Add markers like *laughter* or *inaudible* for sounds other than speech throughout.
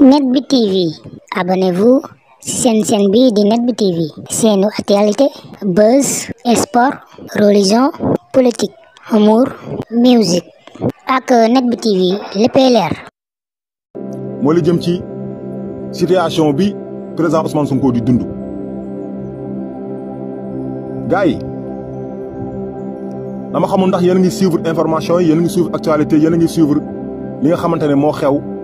net bi tv abonnez-vous seen seen bi di net bi tv seenu actualité buzz sport religion politique humour musique ak net bi tv léppay leer moo la jëm ci situation bi président Ousmane Sonko di dund gars yi dama xamul ndax yéen a ngi suivre information yi yéen a ngi suivre actualité yéen ngi suivre li nga xamante ne moo xew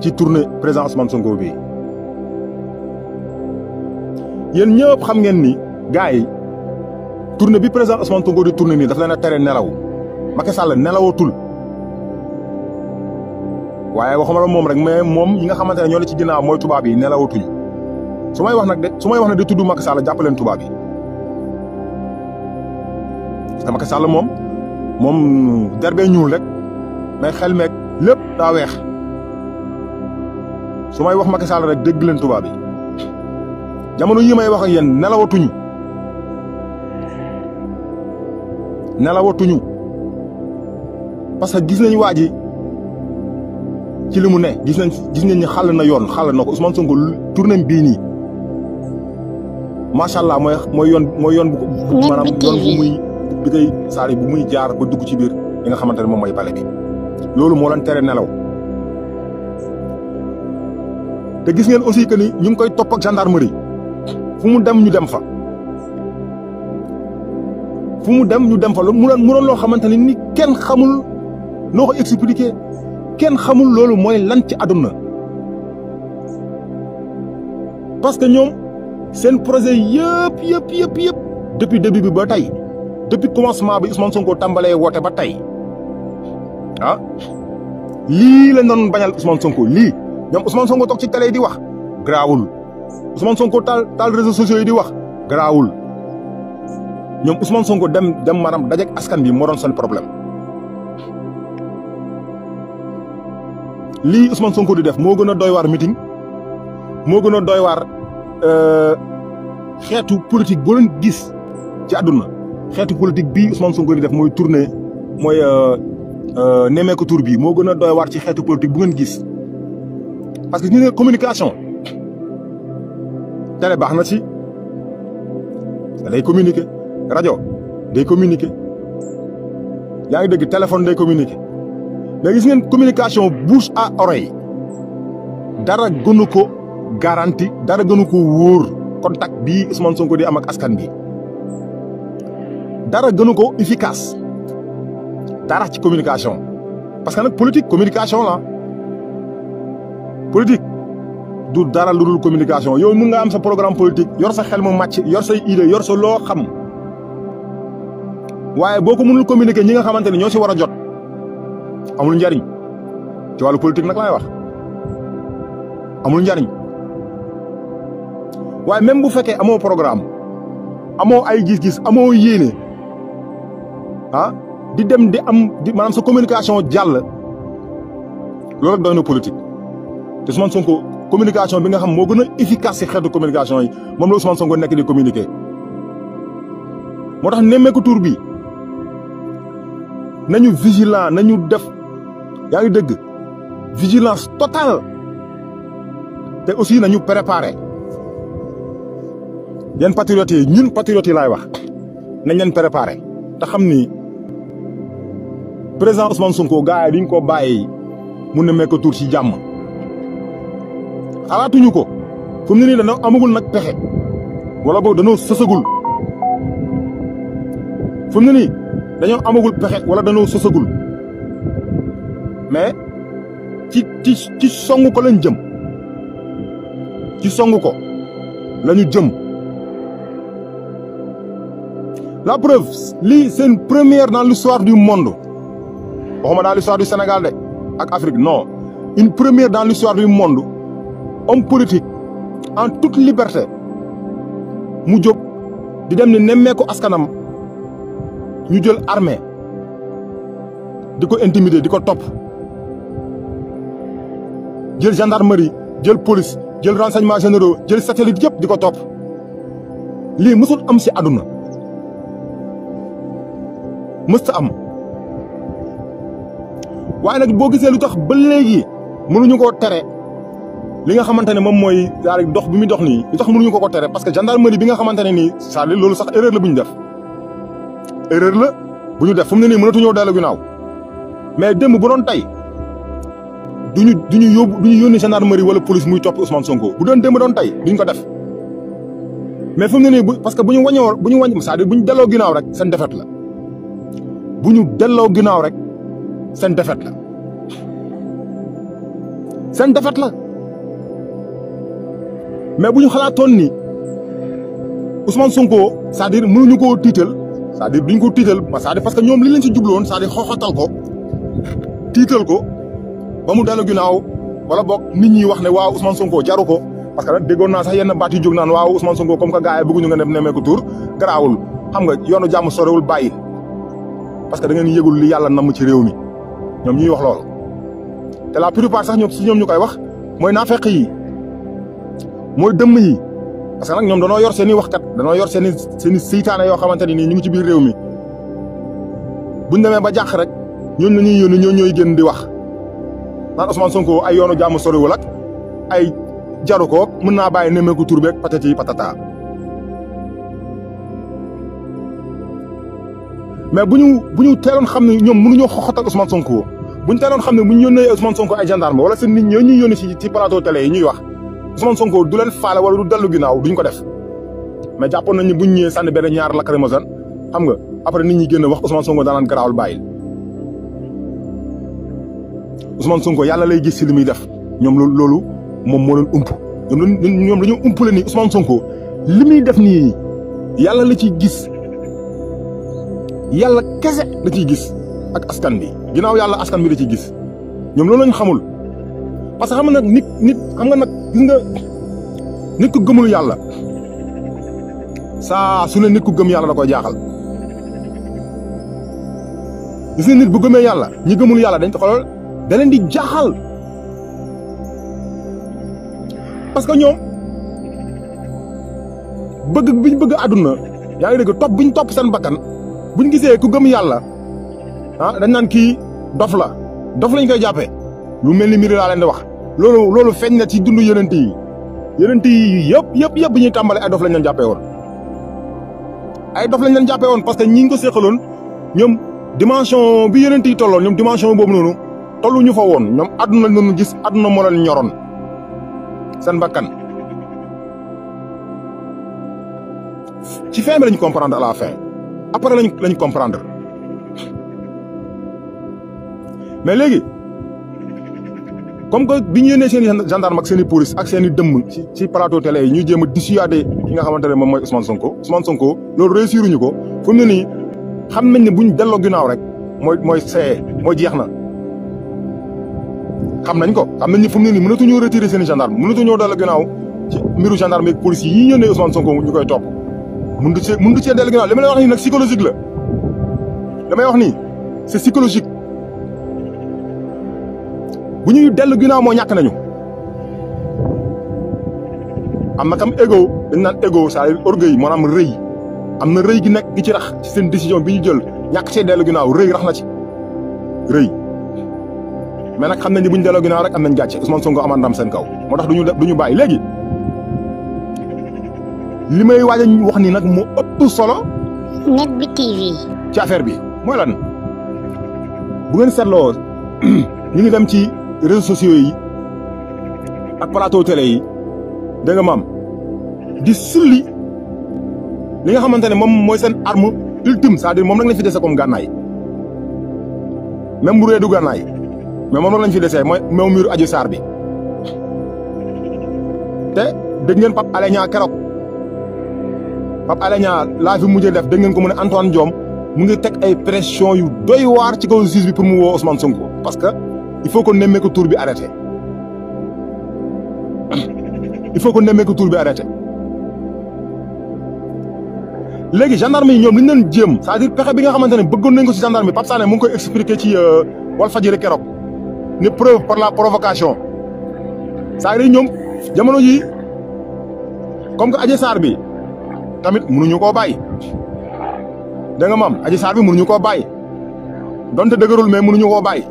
ci tournée président Ousmane Sonko bi yéen ñëpp xam ngeen ni gars yi tournée bi président Ousmane Sonko di tournée nii daf leen a tere nelaw Macky Sall nelawatul waaye waxuma la moom rek mais moom yi nga xamante ne ñoo la ci jinaa mooy tubaab yi nelawatuñ su may wax nag de su may wax nag di tudd Macky Sall jàpp leen tubaab yi te Macky Sall moom moom derbee ñuul rek mais xel meeg lépp daa weex. su may wax Macky Sall rek dégg leen tubaab yi jamono yi may wax ak yéen nelawatuñu nelawatuñu parce que gis nañ waa ji ci li mu ne gis nañ gis nañ ni xàll na yoon xàll na ko Ousmane Sonko tournée bii nii macha mooy mooy yoon mooy yoon bu maanaam bu muy bi koy saari bu muy jaar ba dugg ci biir li nga xamante ne moom mooy bale loolu moo leen tere nelaw te gis ngeen aussi que ni ñu ngi koy topp ak gendarmerie fu mu dem ñu dem fa. fu mu dem ñu dem fa mu doon mu doon loo xamante ne ni kenn xamul noo ko expliqué kenn xamul loolu mooy lan ci àdduna parce que ñoom seen projet yëpp yëpp yëpp yëpp depuis début bi ba tey depuis commencement bi Ousmane Sonko tàmbalee woote ba tey ah lii la doon bañal Ousmane Sonko lii ñoom Ousmane Sonko toog ci télé di wax garaawul Ousmane Sonko taal taal réseaux sociaux yi di wax garaawul ñoom Ousmane Sonko dem dem maram dajeeg askan bi moo doon seen problème. li Ousmane Sonko di def moo gën a doy waar meeting moo gën a doy waar euh, xeetu politique boo leen gis ci àdduna xeetu politique bii Ousmane Sonko di def mooy tournée mooy euh, euh, nemmeeku tur bi moo gën a doy waar ci xeetu politique bu ngeen gis. parce que ñu ne communication télé baax na ci da lay communiquer rajo day communiquer yaa ngi dégg téléphone day communiquer mais gis ngeen communication bouche à oreille dara gënu ko garantie dara gënu ko wóor contact bii Ousmane Sonko di am ak askan bi dara gënu ko efficace dara ci communication parce que nag politique communication la. politique du dara lu dul communication yow mun nga am sa programme politique yor sa xel mu màcc yor say idée yor sa loo xam waaye boo ko mënul communiquer ñi nga xamante ni ñoo si war a jot amul njariñ ci wàllu politique nag laay wax amul njariñ waaye même bu fekkee amoo programme amoo ay gis-gis amoo yéene ah di dem di am di maanaam sa communication jàll loolu rek doy te Ousmane Sonko communication bi nga xam moo gën a efficace si xeetu communication yi moom la Ousmane Sonko nekk di communiquer. moo tax nemmeeku tur bi nañu vigilant nañu def yaa ngi dëgg vigilance totale te aussi nañu préparer yeen patriotes yi ñun patriotes lay wax nañ leen préparer te xam ni président Ousmane Sonko gars yi duñ ko bàyyi mu nemmeeku tur si jàmm. xalaatuñu ko fu mu nii dañoo amagul nag pexe wala boog dañoo sësagul fu mu ne nii dañoo amagul pexe wala dañoo sësagul mais ci ci ci songu ko lañ jëm ci songu ko lañu jëm la preuve lii c'est une première dans l'histoire du monde waxuma dans l'histoire du Sénégal de ak Afrique noo une première dans l'histoire du monde homme politique en toute liberte mu jóg di dem ni nemmeeku askanam ñu jël armée di ko intimider di ko topp jël gendarmerie jël police jël renseignements généro jël satellite yëpp di ko topp lii mësul am ci àdduna mësta am waaye nag boo gisee lu tax ba léegi mënuñu koo tere li nga xamante ne moom mooy daal dox bi muy dox nii li tax mënuñu ko ko tere parce que gendarmerie bi nga xamante ne nii c'est-à-dire loolu sax erreur la bu ñu def erreur bu ñu def fu mu ne nii mënatuñoo dellu ginnaaw mais démb bu doon tey duñu ñu yóbbu duñu yónni gendarmerie wala police muy topp Ousmane Sonko bu doon démb doon tey duñ ko def mais fu mu ne nii bu parce que bu ñu wàññoo bu ñu wàññ c'est-à-dire bu ñu delloo ginnaaw rek seen defet la bu ñu delloo ginnaaw rek seen defet la seen defet la mais bu ñu xalaatoon ni Ousmane Sonko c'est-à-dire mënuñu koo tiital c'est-à-dire duñ ko tiital cest à parce que ñoom li leen ci jubloon c'est-à-dire xooxatal ko tiital ko ba mu dalu ginnaaw wala boog nit ñi wax ne waaw Ousmane Sonko jaru ko parce que nag déggoon naa sax yenn baat yu jóg naan waaw Ousmane Sonko comme que gars yi bëgguñu nga dem tur garaawul xam nga yoonu jàmm sorewul bàyyi parce que da ngeen yëgul li yàlla namm ci réew mi ñoom ñuy wax loolu te la plupart sax si ñoom ñu koy wax mooy naafeq yi mooy dëmm yi parce que nag ñoom danoo yor seen i waxkat danoo yor seen i seen i seytaane yoo xamante ni ñu ngi ci biir réew mi buñ demee ba jàq rek ñooñu la ñuy yónni ñoo ñooy génn di wax naan Ousmane ay yoonu jàmm soriwul ak ay jaru ko mën naa bàyyi nemmeeku tur beeg patati patata. mais bu ñu bu ñu xam ne ñoom mënuñoo xoxotal Ousmane Sonko bu ñu teeloon xam ne bu ñu yónnee Ousmane Sonko ay gendarme wala seen nit ñoo ñu yónni si ci plateau télé yi ñuy wax. Ousmane Sonko du leen faale wala du dellu ginnaaw duñ ko def mais jàppoon nañu buñ ñëwee sànni benn ñaar lacrymogène xam nga après nit ñi génn wax Ousmane Sonko daanaan garaawul bàyyil Ousmane Sonko yàlla lay gis si li muy def ñoom loolu moom moo leen ump ñoom ñoom dañoo umpale ni Ousmane Sonko li muy def nii yàlla la ciy gis yàlla kese la ciy gis ak askan bi ginnaaw yàlla askan bi la ciy gis ñoom loolu lañ xamul parce xam nag nit nit xam nag. gis nga nit ku gëmul yàlla saa su ne nit ku gëm yàlla da ko jaaxal gis nga nit bu gëmee yàlla ñi gëmul yàlla dañ ko xoolal da leen di jaaxal parce que ñoom bëgg bi bëgg àdduna yaa ngi dégg topp bi ñu topp seen bakkan bu ñu gisee ku gëm yàlla ah dañ naan kii dof la dof lañ koy jàppee lu mel ni mbir laa leen di wax. loolu loolu feeñ na ci dundu yonent yi yonent yi yëpp yëpp yëpp bi ñuy tàmbale ay dof lañ leen jàppee woon. ay dof lañ leen jàppee woon parce que ñi ngi ko séqaloon ñoom dimension bi yonent yi tolloon ñoom dimension boobu noonu ñu fa woon ñoom àdduna lañ gis àdduna moo leen ñoroon seen bakkan. ci fin bi lañ comprendre à la fin après lañ lañu comprendre mais léegi. comme que bi ñu yónnee seen i gendarme ak seen i police ak seen i dëmm ci ci plateau yi ñuy jéem a dissuader ki nga xamante ne moom mooy Ousmane Sonko Ousmane Sonko loolu réussir ñu ko fu ne nii xam nañ ne buñ delloo ginnaaw rek mooy mooy see mooy jeex na. xam nañ ko xam nañ ne fu mu ne nii mënatuñoo retirer seen i gendarme mënatuñoo delloo ginnaaw ci mbiru gendarme ak police yi yónnee Ousmane Sonko ñu koy topp. mënut see mënut see delloo ginnaaw li ma lay wax nii nag psychologique la damay bu ñuy dellu ginnaaw moo ñàkk nañu. am na tam ego dañ naan ego saa orgueil maanaam rëy am na réy gi nekk gi ci rax ci seen décision bi ñu jël ñàkk see dellu ginnaaw rëy rax na ci rëy. mee nag xam nañ ni bu ñu delloo ginnaaw rek am nañ gàcce Ousmane Sonko amaan ndam seen kaw moo tax du ñu bàyyi léegi li may waaj a wax ni nag mu ëpp solo. net bi TV. ci affaire bi mooy lan bu ngeen seetloo *clears throat* ñu ngi dem ci. réseaux sociaux yi ak plateau télé yi da nga di sulli li nga xamante ne moom mooy seen arme ultime cest à moom nag lañ fi dese comme gànnaay même bu dee du gànnaay moom nag nañ fi dese mooy meew miiru aju saar bi te dégg ngeen Pape Alé Niang keroog Pape Alé Niang laa fi mujjee def dégg ko mu ne Antoine Diome mu ngi teg ay pression yu doy waar ci kaw juge bi pour mu woo Ousmane Sonko parce que. il faut que nemmeeku tur bi arrêté il faut que nemmeeku tur bi arrêté léegi gendarme yi ñoom li ñu jéem cest à pexe bi nga xamante ne bëggoon nañ ko ci gendarme yi Pape Sané mu ngi koy expliqué ci euh, Walf Fadjri keroog ne preuve par la provocation cest à ñoom jamono ji comme que Adji Sarr bi tamit mënuñu koo bàyyi da nga maam Adji Sarr bi mënuñu koo bàyyi donte dëgërul mais mënuñu koo bàyyi.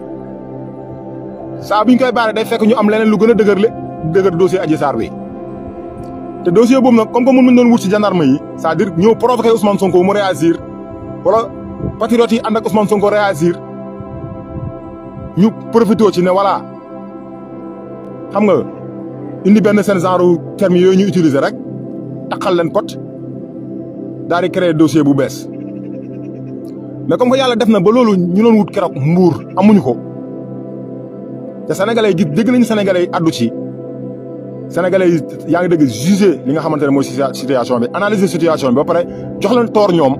saa bu ñu koy day fekk ñu am leneen lu gën a dëgërle dëgër dossier Adji Sarr bi te dossier boobu na comme que mun nañ doon wut ci gendarme yi c'est-à-dire ñëw provoqué Ousmane Sonko mu réagir wala patriotes yi ànd ak Ousmane Sonko réagir ñu profité ci ne voilà xam nga indi benn seen genre termes yooyu ñu utiliser rek taxal leen pot daal di créer bu bees mais comme que yàlla def na ba loolu ñu doon wut keroog mbuur amuñu ko. te sénégalais yi gis dégg nañu sénégalais yi addu ci sénégalais yi yaa ngi dégg juger li nga xamante ne mooy situation bi analyser situation bi ba pare jox leen toor ñoom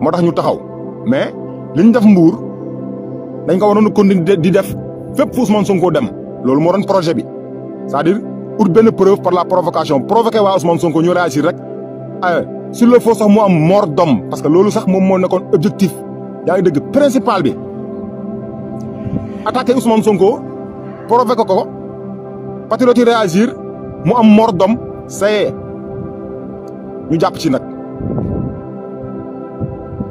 moo tax ñu taxaw mais li ñu def mbuur dañ ko waroon a continuer di def fépp fu Ousmane Sonko dem loolu moo doon projet bi c'est-à-dire ut benn preuve par la provocation provoqué waa Ousmane Sonko ñu réagir rek euh, sur le faux sax mu am moor d'homme parce que loolu sax moom moo nekkoon objectif yaa ngi dégg principal bi. attaqué Ousmane Sonko provoqué ko patriote yi réagir mu am mor dom saye ñu jàpp ci nag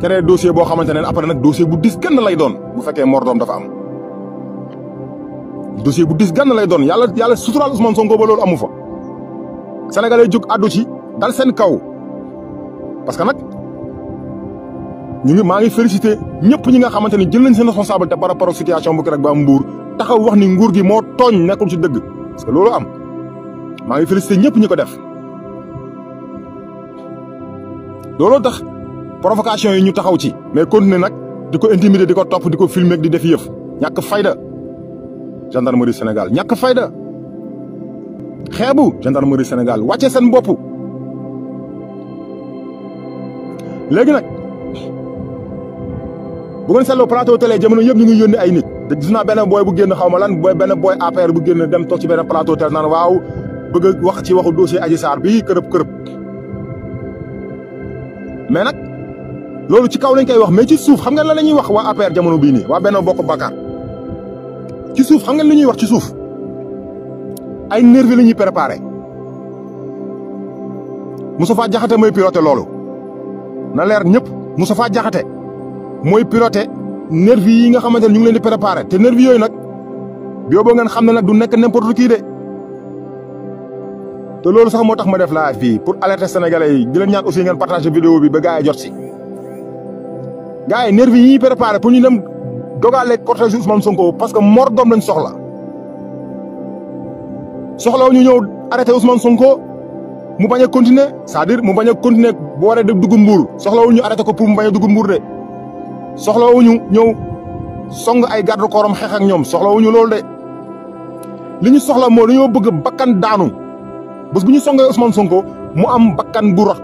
keneen dossier boo xamante ne après nag dossier bu dis gann lay doon bu fekkee mor dom dafa am dossier bu dis gann lay doon yàlla yàlla suturaal Ousmane Sonko ba loolu amu fa sénégalais jóg addu ci dal seen kaw parce nag ñu ngi maa ngi félicité ñëpp ñi nga xamante ni jël nañ seen responsabilité par rapport situation bu Kaolack ba am taxaw wax ni nguur gi moo tooñ nekkul ci dëgg parce que loolu am maa ngi félicité ñëpp ñi ko def. looloo tax provocation yi ñu taxaw ci mais continuer nag di ko intimider di ko topp di ko filmer di def yëf ñàkk fayda gendarmerie Sénégal ñàkk fayda xeebu gendarmerie Sénégal wàcce seen bopp léegi nag. bu ngeen seetloo plateau télé jamono yëpp ñu ngi yónni ay nit te gis naa benn booy bu génn xaw ma lan booy benn booy APR bu génn dem toog ci benn plateau télé naan waaw bëgg a wax ci waxu dossier Adji Sarr bii kërëb kërëb mais nag loolu ci kaw lañ koy wax mais ci suuf xam nga lan la ñuy wax waa APR jamono bii nii waa benn bokk bakkaar ci suuf xam nga la ñuy wax ci suuf ay nervi la ñuy préparé Moustapha Diakhaté mooy piloté loolu na leer ñëpp Moustapha Diakhaté mooy piloté nervi yi nga xamante ne ñu ngi leen di préparé te nervi yooyu nag yóbboo ngeen xam ne nag du nekk n'importe qui de te loolu sax moo tax ma def laa fii pour alerter sénégalais yi di leen ñaan aussi ngeen partagé vidéo bi ba gars yi jot si. gars yi nervi yi ñuy préparé pour ñu dem dogalee cortège Ousmane Sonko parce que moor doom lañ soxla soxlaw ñu ñëw arrêté Ousmane Sonko mu bañ a continuer c'est-à-dire mu bañ a continuer bu waree dugg mbuur soxlawul ñu arrêté ko pour mu bañ a dugg soxlawuñu ñëw song ay garde corps xeex ak ñoom soxlawuñu loolu de li ñu soxla moo la dañoo bëgg bakkan daanu bés bu ñu songee Ousmane Sonko mu am bakkan bu rot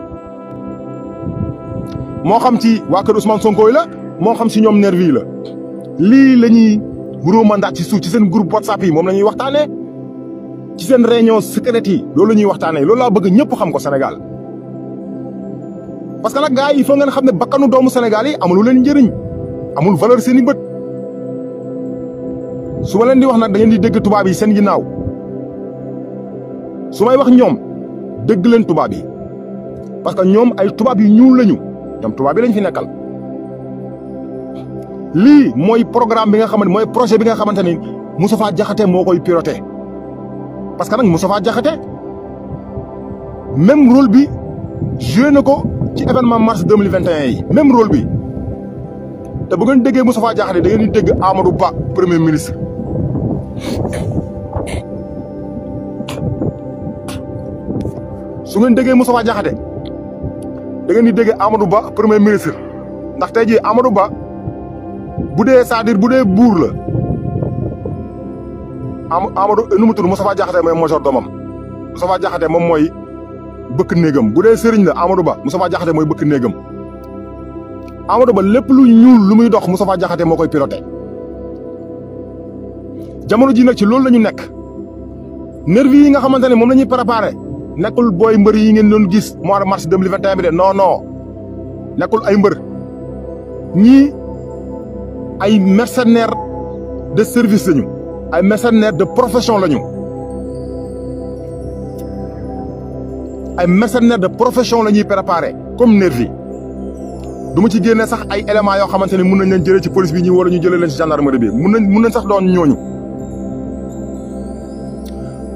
moo xam ci waa kër Ousmane Sonko yi la moo xam si ñoom nervi yi la lii la ñuy ruumandaat ci suuf ci seen groupe WhatsApp yi moom la ñuy waxtaanee ci seen réunion secrète yi loolu la ñuy waxtaanee loolu laa bëgg ñëpp xam ko Sénégal. parce que nag gars yi il faut ngeen xam ne bakkanu doomu Sénégal yi amul leen njëriñ amul valeur seen i bët su leen di wax nag dañu ngeen di dégg tubaab yi seen ginnaaw su may wax ñoom dégg leen tubaab yi parce que ñoom ay tubaab yu ñuul lañu ñoom tubaab yi lañ fi nekkal. lii mooy programme bi nga xamante mooy projet bi nga xamante ni Moustapha Diakhaté moo koy piloté parce que nag Moustapha Diakhaté même rôle bi joué na ko. ci événement mars deux mille vingt et un yi même bi te bu ngeen déggee Moustapha Diakhaté da ngeen di dégg Amadou Ba premier ministre. su ngeen déggee Moustapha Diakhaté da ngeen di dégg Amadou Ba premier ministre ndax tey jii Amadou Ba bu dee c'est-à-dire bu dee buur la Amadou nu mu tudd Moustapha Diakhaté mooy major domam Moustapha Diakhaté moom mooy. bëkk néegam bu dee sëriñ la Amadou Ba Moustapha Diakhaté mooy bëkk néegam Amadou Ba lépp lu ñuul lu muy dox Moustapha Diakhaté moo koy piloté jamono ji nag ci loolu la ñu nekk nervi yi nga xamante ne moom la ñuy préparé nekkul booy mbër yi ngeen doon gis mois de mars 2021 bi de non nekkul ay mbër ñii ay mercenaires de service lañu ay mercenaires de profession lañu. ay mercenaires de profession la ñuy préparé comme nervi du ma ci génne sax ay éléments yoo xamante ne mun nañ leen jëlee ci police bi ñi wala ñu jëlee leen ci gendarmerie bi mun nañ mun nañ sax doon ñooñu.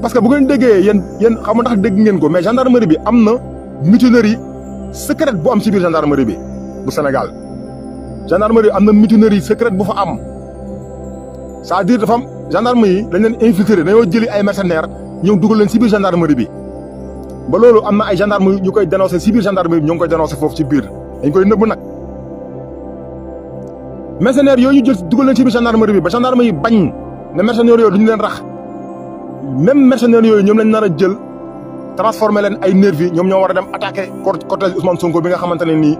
parce que bu ngeen déggee yen yéen xam nga ndax dégg ngeen ko mais gendarmerie bi am na mutinerie secrète bu am ci biir gendarmerie bi bu Sénégal gendarmerie bi am na mutinerie secrète bu fa am c'est-à-dire dafa am gendarme yi dañ leen infiltrer dañoo jëli ay mercenaires ñëw dugal leen ci biir gendarmerie bi. ba loolu am na ay gendarme ñu koy dénoncé si biir gendarme yi ñu ngi koy dénoncé foofu ci biir dañ koy nëbb nag mercenaires yooyu ñu jël dugal leen ci biir gendarmerie bi ba gendarme yi bañ ne mercenaires yooyu duñu leen rax même mercenaires yooyu ñoom lañ nar a jël transformé leen ay nervi ñoom ñoo war a dem attaqué cortège Ousmane Sonko bi nga xamante ne nii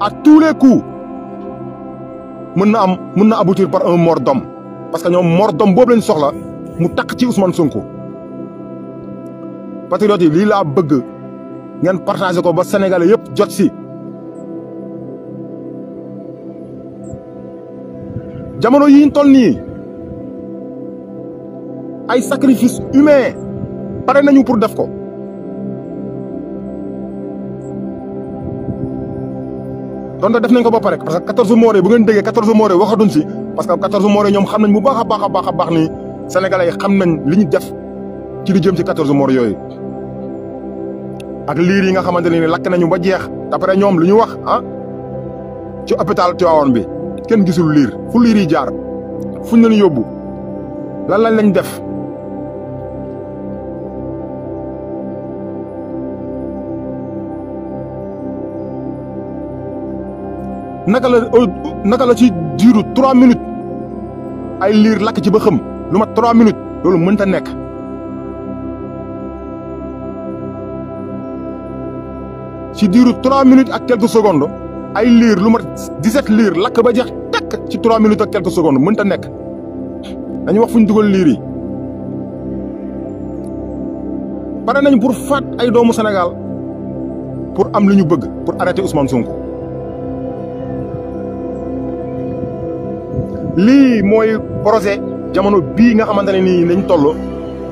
à tous les coups mën na am mën na aboutir par un mort d'homme parce que ñoom mort d'homme boobu lañ soxla mu takk ci Ousmane Sonko. patriotes yi lii laa bëgg ngeen partagé ko ba sénégalais yëpp jot si. jamono yi ñu nii ay sacrifice humain pare nañu pour def ko. donte def nañ ko ba pare parce que quatorze moore bu ngeen déggee quatorze waxatuñ si parce que quatorze moore ñoom xam nañ bu baax a baax a baax a baax ni sénégalais xam nañ li ñu def ci li jëm ci quatorze yooyu. ak liir yi nga xamante ne lakk nañu ba jeex d'après ñoom lu ñu wax ah ci hôpital Tivaouane bi kenn gisul liir fu liir yi jaar fuñ leen yóbbu lan lañ lañ def. naka la naka la ci diiru trois minutes ay liir lakk ci ba lu mat trois minutes loolu mënta nekk. ci diiru 3 minutes ak quelques secondes ay liir lu mat 17 liir lakk ba jeex tekk ci 3 minutes ak quelques secondes mënta nekk dañu wax fu ñu dugal liir yi. pare nañ pour faat ay doomu senegal pour am lu ñu bëgg pour arrêter Ousmane Sonko lii mooy projet jamono bii nga xamante ne nii nañ toll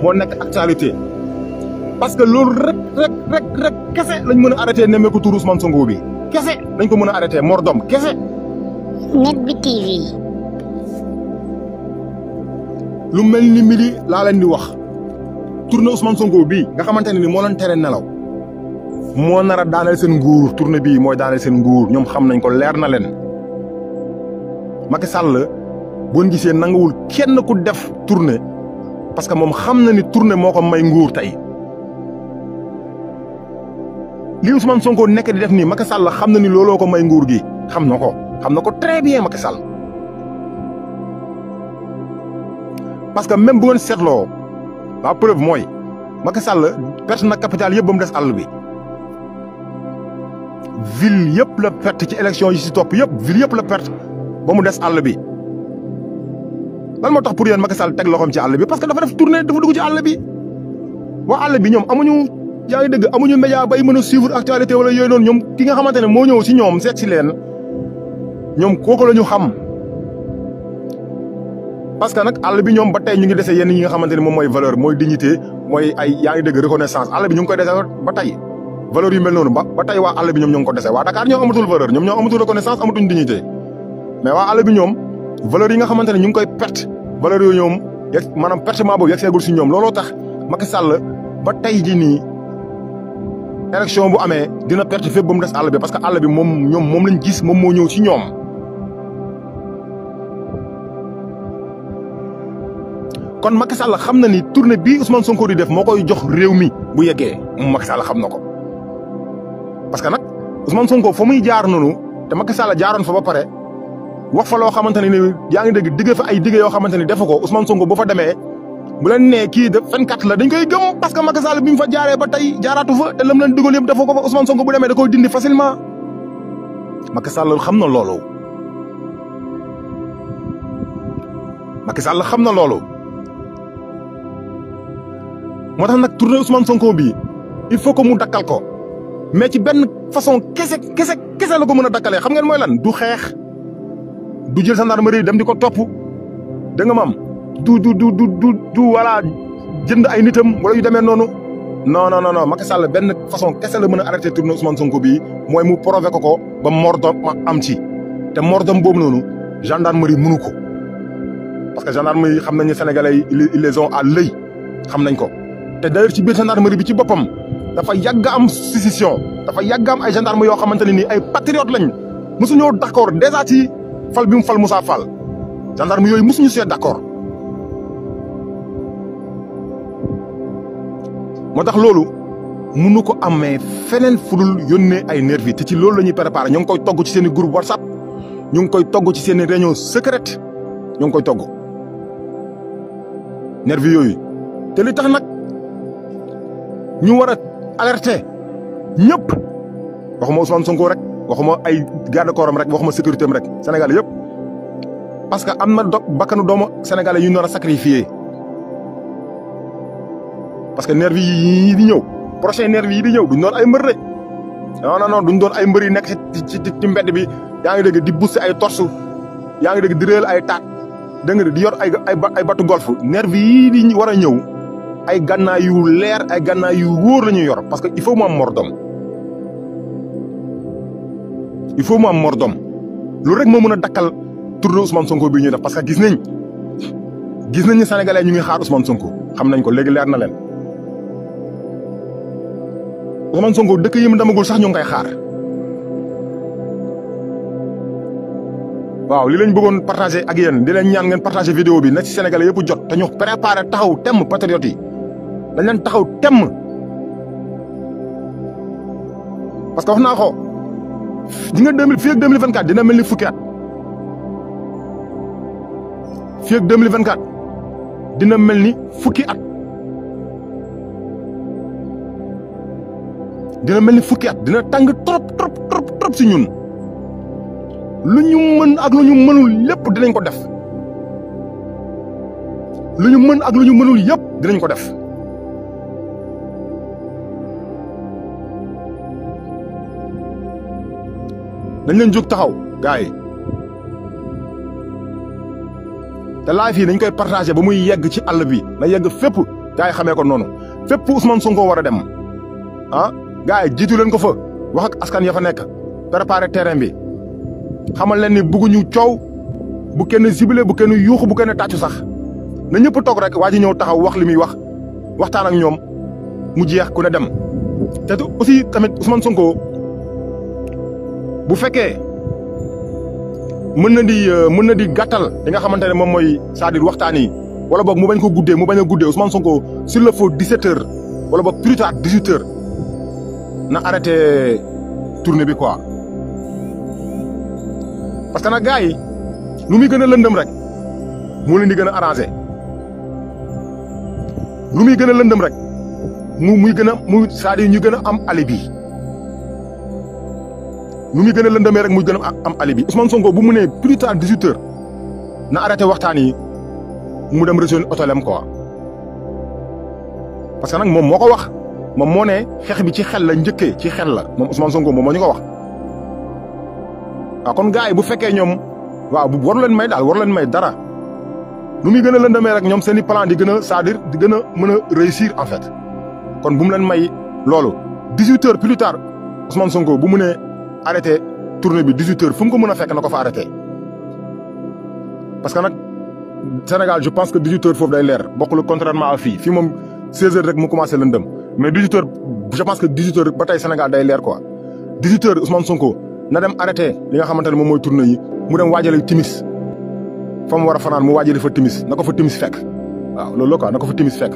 moo nekk actualité. parce que loolu rek rek rek rek kese lañ mën a arrêté nemmeeku tur Ousmane Sonko bi kese dañ ko mën a arrêté mordom kese. Net Bi TV. lu mel ni midi laa leen di wax tournée Ousmane Sonko bi nga xamante ne ni moo leen tere nelaw moo nara a daaneel seen nguur tournée bii mooy daaneel seen nguur ñoom xam nañ ko leer na leen Macky Sall boo gisee nanguwul kenn ku def tournée parce que moom xam na ni tournée moo ko may nguur tey. li Ousmane Sonko nekk di def nii Macky Sall xam na ni looloo ko may nguur gi xam na ko xam na ko très bien Macky Sall parce que même bu ngeen seetloo la preuve mooy Macky Sall perte na capital yëpp ba mu des àll bi ville yëpp la perte ci élection yi si topp yëpp ville yëpp la perte ba mu des àll bi lan moo tax pour yéen Macky Sall teg loxoom ci àll bi parce que dafa def tournée dafa dugg ci àll bi waa àll bi ñoom amuñu. yaa ngi dëgg amuñu média bay mën a suivre actualité wala yooyu noonu ñoom ki nga xamante ne moo ñëw si ñoom seet si leen ñoom kooku la ñu xam. parce que nag àll bi ñoom ba tey ñu ngi dese yenn yi nga xamante ne moom mooy valeur mooy dignité mooy ay yaa ngi dëgg reconnaissance àll bi ñu ngi koy dese ba tey valeur yu bi ñoom ñoo ko dese waa Dakar ñoo amatul valeur ñoom ñoo amatul reconnaissance amatuñ dignité mais waa àll bi ñoom valeur yi nga xamante ne ñu ngi koy perte valeur yooyu ñoom yeg maanaam pertement boobu yegg seegul si ñoom looloo tax Macky Sall ba tey ji nii élection bu amee dina perte fépp ba mu des àll bi parce que àll bi moom ñoom moom lañ gis moom moo ñëw ci ñoom. kon Macky Sall xam na ni tournée bi Ousmane Sonko di def moo koy jox réew mi bu yeggee mu Macky Sall xam na ko parce que nag Ousmane ko fa muy jaar noonu te Macky Sall jaaroon fa ba pare wax fa loo xamante ne yaa ngi dégg digge fa ay digge yoo xamante ni defu ko Ousmane Sonko bu fa demee bu leen ne kii de fenkat la dañ koy gëm parce que Macky Sall bi mu fa jaaree ba tey jaaraatu fa te lam leen dugal yëpp dafa ko fa Ousmane Sonko bu demee da koy dindi facilement Macky Sall xam na loolu. Macky Sall xam na loolu moo tax nag turne Ousmane Sonko bii il faut que mu dakkal ko mais ci benn façon kese kese kese la ko mën a dakkalee xam ngeen mooy lan du xeex du jël gendarmerie dem di ko topp da nga maam. du du du du du voilà jënd ay nitam wala yu demee noonu. non non non Macky Sall benn façon kese la mën a arrêté tournée Ousmane Sonko bii mooy mu provoqué ko ko ba mordom am ci te mordom boobu noonu gendarmerie mënu ko parce que gendarmerie yi xam nañu Sénégalais yi ils les ont à l'œil xam nañ ko. te d'ailleurs ci biir gendarmerie bi ci boppam dafa yàgg am scission dafa yàgg am ay gendarme yoo xamante ne nii ay patriotes lañ mosuñoo d'accord déjà ci fal bi mu fal Moussa fal gendarme yooyu mosuñu see d'accord. moo tax loolu mënu ko amee feneen fudul yónnee ay nervi te ci loolu la ñuy préparé ñu ngi koy togg ci seen i groupe whatsapp ñu ngi koy togg ci seen i réunion secrète ñu ngi koy toggu nervi yooyu te li tax nag ñu war a alerter ñëpp waxuma Ousmane Sonko rek waxuma ay garde corps am rek waxuma sécurité am rek Sénégal yëpp parce que am na do bakkanu doomu sénégalais yu ñu nar a sacrifié parce que nervi yi di ñëw prochain nervi yi di ñëw duñ doon ay mbër de non non non duñ doon ay mbër yi nekk ci ci mbedd bi yaa ngi dégg di booster ay torsu yaa ngi dégg di réel ay taat dégg di yor ay ay batu golf nervi yii di war a ñëw ay gànnaay yu leer ay gànnaay yu wóor la ñuy yor parce que il faut mu am mordom il faut mu am mordom loolu rek moo mën a dakkal tournée Ousmane Sonko bi ñuy def parce que gis nañ gis nañ ne sénégalais ñu ngi xaar Ousmane Sonko xam nañ ko léegi leer na leen. Ousmane Sonko dëkk yi mu demagul sax ñu ngi koy xaar waaw li lañ bëggoon partagé ak yéen di leen ñaan ngeen partagé vidéo bi na ci Sénégalais yëpp jot te ñu préparé taxaw temm patriote yi dañ taxaw temm parce que wax naa ko di nga deux mille fii ak deux mille dina mel ni fukki at fii ak deux mille vingt dina mel ni fukki at. dina mel ni fukki dina tàng trop trop trop si ñun lu ñu mën ak lu ñu mënul lépp dinañ ko def lu ñu mën ak lu ñu mënul yépp dinañ ko def dañ leen jóg taxaw gars yi te live yi dañ koy partagé ba muy yegg ci àll bi na yegg fépp gars xamee ko noonu fépp Ousmane Sonko war a dem ah gars yi jiitu leen ko fa wax askan ya fa nekk préparer terrain bi xamal leen ni bugguñu coow bu kenn ciblé bu kenn yuuxu bu kenn tàccu sax na ñëpp toog rek waa ji ñëw taxaw wax li muy wax waxtaan ak ñoom mu jeex ku ne dem. te aussi tamit Ousmane Sonko bu fekkee mën na di euh, mën na di gàttal li nga xamante ne moom mooy cest à waxtaan yi wala boog mu bañ ko guddee mu bañ a guddee Ousmane Sonko sur le faux 17 wala boog plus tard 18 na arrêté tournée bi quoi parce que na gars yi lu muy gën a lëndëm rek moo leen di gën a arrangé lu muy gën a lëndëm rek mu muy gën a muy cest à ñu gën a am alibi lu muy gën a lëndëmee rek muy gën a am alibi Ousmane Sonko bu mu nee plus tard 18 heures na arrêté waxtaan yi mu dem région otolem quoi parce que nag moom moo ko wax. moom moo ne xeex bi ci xel la njëkkee ci xel la moom Ousmane Sonko moom moo ñu ko wax. waaw ah, kon gars yi bu fekkee ñoom waaw bu waru leen may daal waru leen may dara nu muy gën a lëndamee rek ñoom seen i plan di gën a cest di gën a mën a réussir en fait kon bu mu leen may loolu 18 heures plus tard Ousmane Sonko bu mu nee arrêté tournée bi 18 fu mu ko mën a fekk na ko fa arrêté parce que nag Sénégal je pense que 18 foofu day leer bokkul contrairement à fii fi moom 16 heures rek mu commencé lëndëm mais 18 heures je pense que 18 heures ba tey Sénégal day leer ko 18 heures Ousmane Sonko na arrêté li nga xamante ne moom mooy tournée yi mu dem waajali timis fa mu war a fanaan mu waajali fa timis na ko fa timis fekk lool loolu la quoi na ko fa timis fekk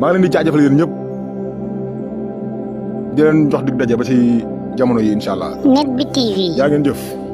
maa ngi leen di jaajëfal yéen ñëpp di leen jox dig daje ba ci jamono yi incha allah. Net Bi TV. ngeen jëf.